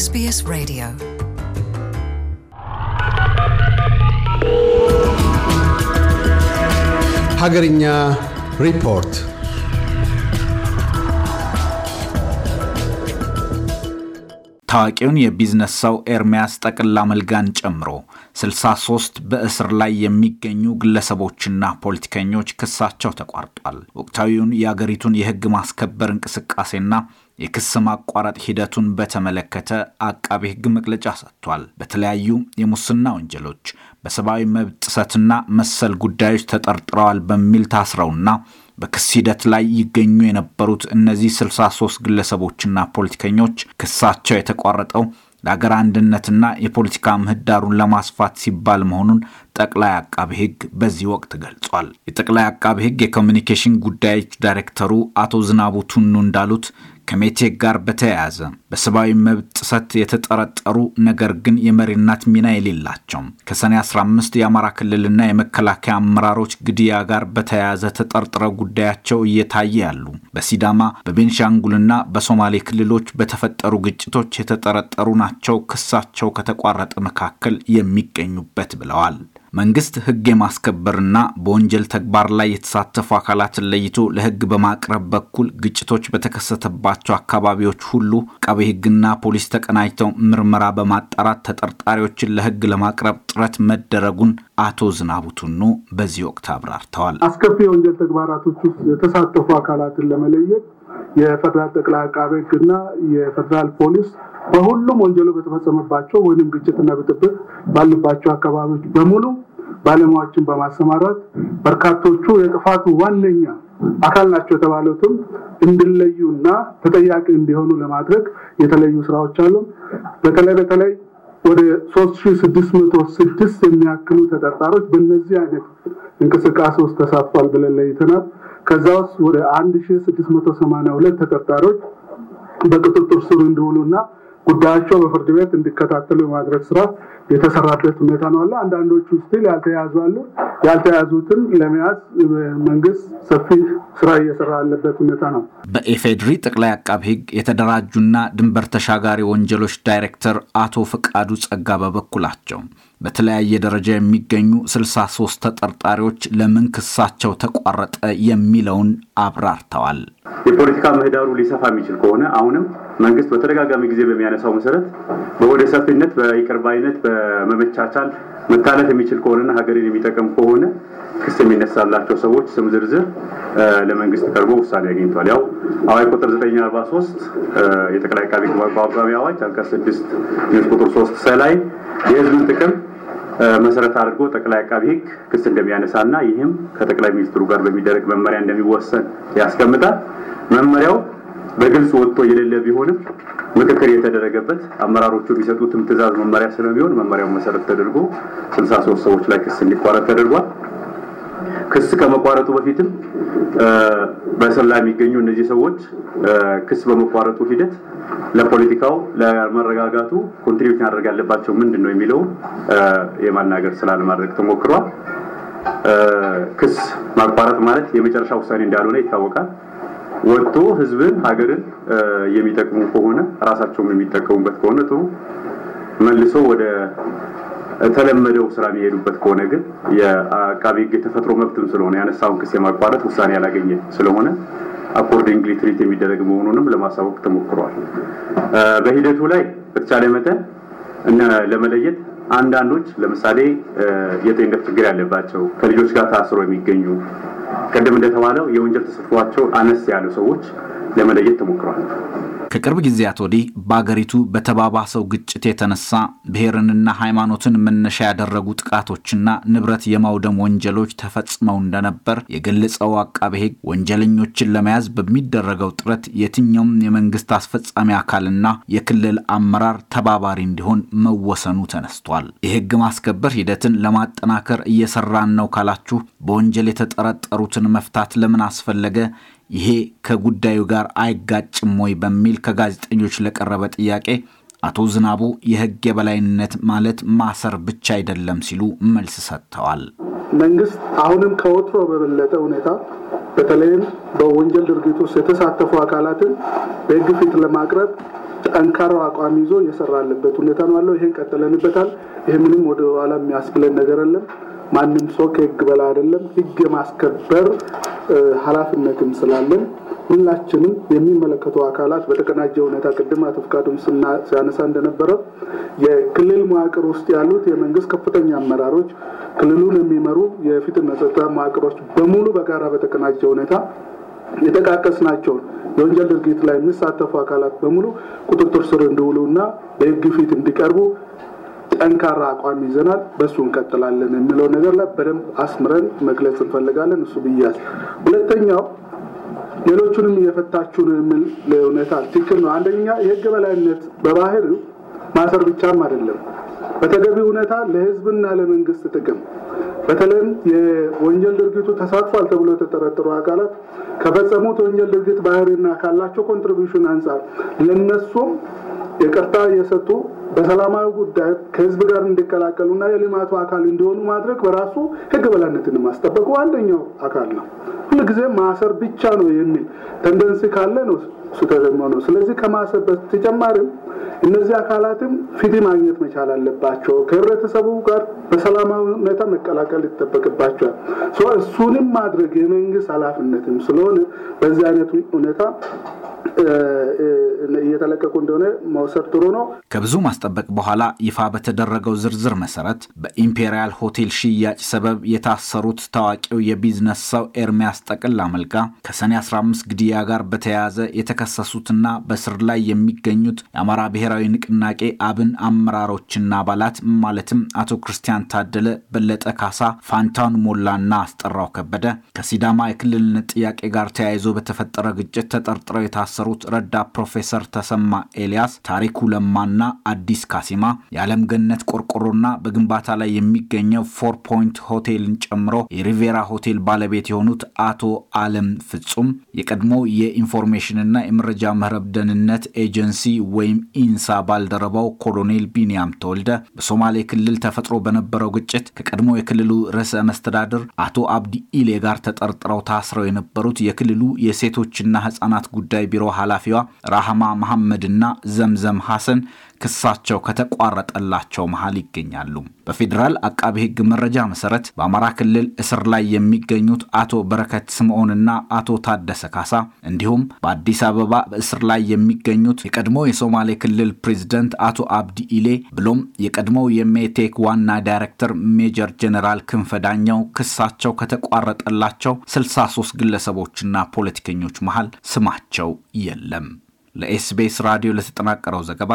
ኤስቢኤስ ሬዲዮ ሀገርኛ ሪፖርት ታዋቂውን የቢዝነስ ሰው ኤርሚያስ ጠቅላ መልጋን ጨምሮ 63 በእስር ላይ የሚገኙ ግለሰቦችና ፖለቲከኞች ክሳቸው ተቋርጧል። ወቅታዊውን የአገሪቱን የሕግ ማስከበር እንቅስቃሴና የክስ ማቋረጥ ሂደቱን በተመለከተ አቃቢ ሕግ መግለጫ ሰጥቷል። በተለያዩ የሙስና ወንጀሎች በሰብአዊ መብት ጥሰትና መሰል ጉዳዮች ተጠርጥረዋል በሚል ታስረውና በክስ ሂደት ላይ ይገኙ የነበሩት እነዚህ 63 ግለሰቦችና ፖለቲከኞች ክሳቸው የተቋረጠው ለአገር አንድነትና የፖለቲካ ምህዳሩን ለማስፋት ሲባል መሆኑን ጠቅላይ አቃቢ ሕግ በዚህ ወቅት ገልጿል። የጠቅላይ አቃቢ ሕግ የኮሚኒኬሽን ጉዳዮች ዳይሬክተሩ አቶ ዝናቡ ቱኑ እንዳሉት ከሜቴክ ጋር በተያያዘ በሰብአዊ መብት ጥሰት የተጠረጠሩ ነገር ግን የመሪነት ሚና የሌላቸው ከሰኔ 15 የአማራ ክልልና የመከላከያ አመራሮች ግድያ ጋር በተያያዘ ተጠርጥረው ጉዳያቸው እየታየ ያሉ በሲዳማ በቤንሻንጉልና በሶማሌ ክልሎች በተፈጠሩ ግጭቶች የተጠረጠሩ ናቸው ክሳቸው ከተቋረጠ መካከል የሚገኙበት ብለዋል። መንግስት ህግ የማስከበርና በወንጀል ተግባር ላይ የተሳተፉ አካላትን ለይቶ ለህግ በማቅረብ በኩል ግጭቶች በተከሰተባቸው አካባቢዎች ሁሉ አቃቤ ህግና ፖሊስ ተቀናጅተው ምርመራ በማጣራት ተጠርጣሪዎችን ለህግ ለማቅረብ ጥረት መደረጉን አቶ ዝናቡ ቱኑ በዚህ ወቅት አብራርተዋል። አስከፊ የወንጀል ተግባራቶች ውስጥ የተሳተፉ አካላትን ለመለየት የፌደራል ጠቅላይ አቃቤ ህግና የፌደራል ፖሊስ በሁሉም ወንጀሉ በተፈጸመባቸው ወይም ግጭትና ብጥብጥ ባሉባቸው አካባቢዎች በሙሉ ባለሙያዎችን በማሰማራት በርካቶቹ የጥፋቱ ዋነኛ አካል ናቸው የተባሉትም እንድለዩና ተጠያቂ እንዲሆኑ ለማድረግ የተለዩ ስራዎች አሉ። በተለይ በተለይ ወደ 3606 የሚያክሉ ተጠርጣሮች በእነዚህ አይነት እንቅስቃሴ ውስጥ ተሳትፏል ብለን ለይተናል። ከዛ ውስጥ ወደ 1682 ተጠርጣሪዎች በቁጥጥር ስር እንዲውሉና ጉዳያቸው በፍርድ ቤት እንዲከታተሉ የማድረግ ስራ የተሰራበት ሁኔታ ነው አለ። አንዳንዶቹ ስቲል ያልተያዙ አሉ። ያልተያዙትን ለመያዝ መንግስት ሰፊ ስራ እየሰራ ያለበት ሁኔታ ነው። በኢፌድሪ ጠቅላይ አቃቢ ህግ የተደራጁና ድንበር ተሻጋሪ ወንጀሎች ዳይሬክተር አቶ ፍቃዱ ጸጋ በበኩላቸው በተለያየ ደረጃ የሚገኙ 63 ተጠርጣሪዎች ለምን ክሳቸው ተቋረጠ የሚለውን አብራርተዋል። የፖለቲካ ምህዳሩ ሊሰፋ የሚችል ከሆነ አሁንም መንግስት በተደጋጋሚ ጊዜ በሚያነሳው መሰረት በወደ ሰፊነት በይቅርባይነት በመቻቻል መታለት የሚችል ከሆነና ሀገሬን የሚጠቅም ከሆነ ክስ የሚነሳላቸው ሰዎች ስም ዝርዝር ለመንግስት ቀርቦ ውሳኔ አግኝቷል። ያው አዋጅ ቁጥር 943 የጠቅላይ ዐቃቤ ሕግ አዋጅ አንቀጽ 6 ንዑስ ቁጥር 3 ሰ ላይ የህዝብን ጥቅም መሰረት አድርጎ ጠቅላይ አቃቢ ህግ ክስ እንደሚያነሳና ይህም ከጠቅላይ ሚኒስትሩ ጋር በሚደረግ መመሪያ እንደሚወሰን ያስቀምጣል። መመሪያው በግልጽ ወጥቶ የሌለ ቢሆንም ምክክር የተደረገበት አመራሮቹ የሚሰጡትም ትዕዛዝ መመሪያ ስለሚሆን መመሪያው መሰረት ተደርጎ 63 ሰዎች ላይ ክስ እንዲቋረጥ ተደርጓል። ክስ ከመቋረጡ በፊትም በእስር ላይ የሚገኙ እነዚህ ሰዎች ክስ በመቋረጡ ሂደት ለፖለቲካው ለመረጋጋቱ ኮንትሪቢዩት ማድረግ ያለባቸው ምንድን ነው የሚለውን የማናገር ስራ ለማድረግ ተሞክሯል። ክስ ማቋረጥ ማለት የመጨረሻ ውሳኔ እንዳልሆነ ይታወቃል። ወጥቶ ህዝብን፣ ሀገርን የሚጠቅሙ ከሆነ ራሳቸውም የሚጠቀሙበት ከሆነ ጥሩ፣ መልሶ ወደ ተለመደው ስራ የሚሄዱበት ከሆነ ግን የአቃቤ ህግ የተፈጥሮ መብትም ስለሆነ ያነሳውን ክስ የማቋረጥ ውሳኔ ያላገኘ ስለሆነ አኮርዲንግሊ ትሪት የሚደረግ መሆኑንም ለማሳወቅ ተሞክሯል። በሂደቱ ላይ በተቻለ መጠን ለመለየት አንዳንዶች ለምሳሌ የጤንነት ችግር ያለባቸው ከልጆች ጋር ታስሮ የሚገኙ ቅድም እንደተባለው የወንጀል ተሳትፏቸው አነስ ያሉ ሰዎች ለመለየት ተሞክሯል። ከቅርብ ጊዜያት ወዲህ በአገሪቱ በተባባሰው ግጭት የተነሳ ብሔርንና ሃይማኖትን መነሻ ያደረጉ ጥቃቶችና ንብረት የማውደም ወንጀሎች ተፈጽመው እንደነበር የገለጸው አቃቤ ሕግ ወንጀለኞችን ለመያዝ በሚደረገው ጥረት የትኛውም የመንግስት አስፈጻሚ አካልና የክልል አመራር ተባባሪ እንዲሆን መወሰኑ ተነስቷል። የህግ ማስከበር ሂደትን ለማጠናከር እየሰራን ነው ካላችሁ በወንጀል የተጠረጠሩትን መፍታት ለምን አስፈለገ? ይሄ ከጉዳዩ ጋር አይጋጭም ወይ በሚል ከጋዜጠኞች ለቀረበ ጥያቄ አቶ ዝናቡ የህግ የበላይነት ማለት ማሰር ብቻ አይደለም ሲሉ መልስ ሰጥተዋል። መንግስት አሁንም ከወትሮ በበለጠ ሁኔታ በተለይም በወንጀል ድርጊት ውስጥ የተሳተፉ አካላትን በህግ ፊት ለማቅረብ ጠንካራው አቋም ይዞ እየሰራለበት ሁኔታ ነው ያለው። ይህን ቀጥለንበታል። ይህ ምንም ወደ ኋላ የሚያስብለን ነገር የለም። ማንም ሰው ከህግ በላ አይደለም። ህግ የማስከበር ኃላፊነትም ስላለን ሁላችንም የሚመለከተው አካላት በተቀናጀ ሁኔታ ቅድም አቶ ፍቃዱም ሲያነሳ እንደነበረ የክልል መዋቅር ውስጥ ያሉት የመንግስት ከፍተኛ አመራሮች፣ ክልሉን የሚመሩ የፍትህና ጸጥታ መዋቅሮች በሙሉ በጋራ በተቀናጀ ሁኔታ የጠቃቀስናቸውን የወንጀል ድርጊት ላይ የሚሳተፉ አካላት በሙሉ ቁጥጥር ስር እንዲውሉ እና በህግ ፊት እንዲቀርቡ ጠንካራ አቋም ይዘናል፣ በእሱ እንቀጥላለን የሚለው ነገር ላይ በደንብ አስምረን መግለጽ እንፈልጋለን። እሱ ብያዝ ሁለተኛው ሌሎቹንም እየፈታችሁ ነው የሚል እውነታ ትክክል ነው። አንደኛ የህግ በላይነት በባህሪው ማሰር ብቻም አይደለም፣ በተገቢ ሁኔታ ለህዝብና ለመንግስት ጥቅም በተለይም የወንጀል ድርጊቱ ተሳትፏል ተብሎ የተጠረጠሩ አካላት ከፈጸሙት ወንጀል ድርጊት ባህሪና ካላቸው ኮንትሪቢሽን አንጻር ለነሱም ይቅርታ እየሰጡ በሰላማዊ ጉዳይ ከህዝብ ጋር እንዲቀላቀሉና የልማቱ አካል እንዲሆኑ ማድረግ በራሱ ህግ በላይነትን ማስጠበቁ አንደኛው አካል ነው። ሁልጊዜ ማሰር ብቻ ነው የሚል ተንደንስ ካለ ነው ስተዘመ ነው። ስለዚህ ከማሰር በተጨማሪም እነዚህ አካላትም ፍትህ ማግኘት መቻል አለባቸው። ከህብረተሰቡ ጋር በሰላማዊ ሁኔታ መቀላቀል ይጠበቅባቸዋል። እሱንም ማድረግ የመንግስት ኃላፊነትም ስለሆነ በዚህ አይነት ሁኔታ እየተለቀቁ እንደሆነ መውሰድ ጥሩ ነው። ከብዙ ከማስጠበቅ በኋላ ይፋ በተደረገው ዝርዝር መሰረት በኢምፔሪያል ሆቴል ሽያጭ ሰበብ የታሰሩት ታዋቂው የቢዝነስ ሰው ኤርሚያስ ጠቅላ አመልጋ። ከሰኔ 15 ግድያ ጋር በተያያዘ የተከሰሱትና በስር ላይ የሚገኙት የአማራ ብሔራዊ ንቅናቄ አብን አመራሮችና አባላት ማለትም አቶ ክርስቲያን ታደለ፣ በለጠ ካሳ፣ ፋንታውን ሞላና አስጠራው ከበደ ከሲዳማ የክልልነት ጥያቄ ጋር ተያይዞ በተፈጠረ ግጭት ተጠርጥረው የታሰሩት ረዳ ፕሮፌሰር ተሰማ ኤልያስ፣ ታሪኩ ለማና አዲስ አዲስ ካሲማ፣ የዓለም ገነት ቆርቆሮና በግንባታ ላይ የሚገኘው ፎር ፖይንት ሆቴልን ጨምሮ የሪቬራ ሆቴል ባለቤት የሆኑት አቶ አለም ፍጹም የቀድሞ የኢንፎርሜሽንና የመረጃ መረብ ደህንነት ኤጀንሲ ወይም ኢንሳ ባልደረባው ኮሎኔል ቢንያም ተወልደ በሶማሌ ክልል ተፈጥሮ በነበረው ግጭት ከቀድሞ የክልሉ ርዕሰ መስተዳድር አቶ አብዲ ኢሌ ጋር ተጠርጥረው ታስረው የነበሩት የክልሉ የሴቶችና ህጻናት ጉዳይ ቢሮ ኃላፊዋ ራህማ መሐመድና ዘምዘም ሐሰን ክሳቸው ከተቋረጠላቸው መሃል ይገኛሉ። በፌዴራል አቃቢ ሕግ መረጃ መሰረት በአማራ ክልል እስር ላይ የሚገኙት አቶ በረከት ስምዖንና አቶ ታደሰ ካሳ እንዲሁም በአዲስ አበባ በእስር ላይ የሚገኙት የቀድሞ የሶማሌ ክልል ፕሬዝደንት አቶ አብዲ ኢሌ ብሎም የቀድሞው የሜቴክ ዋና ዳይሬክተር ሜጀር ጀኔራል ክንፈ ዳኘው ክሳቸው ከተቋረጠላቸው 63 ግለሰቦችና ፖለቲከኞች መሃል ስማቸው የለም። ለኤስቢኤስ ራዲዮ ለተጠናቀረው ዘገባ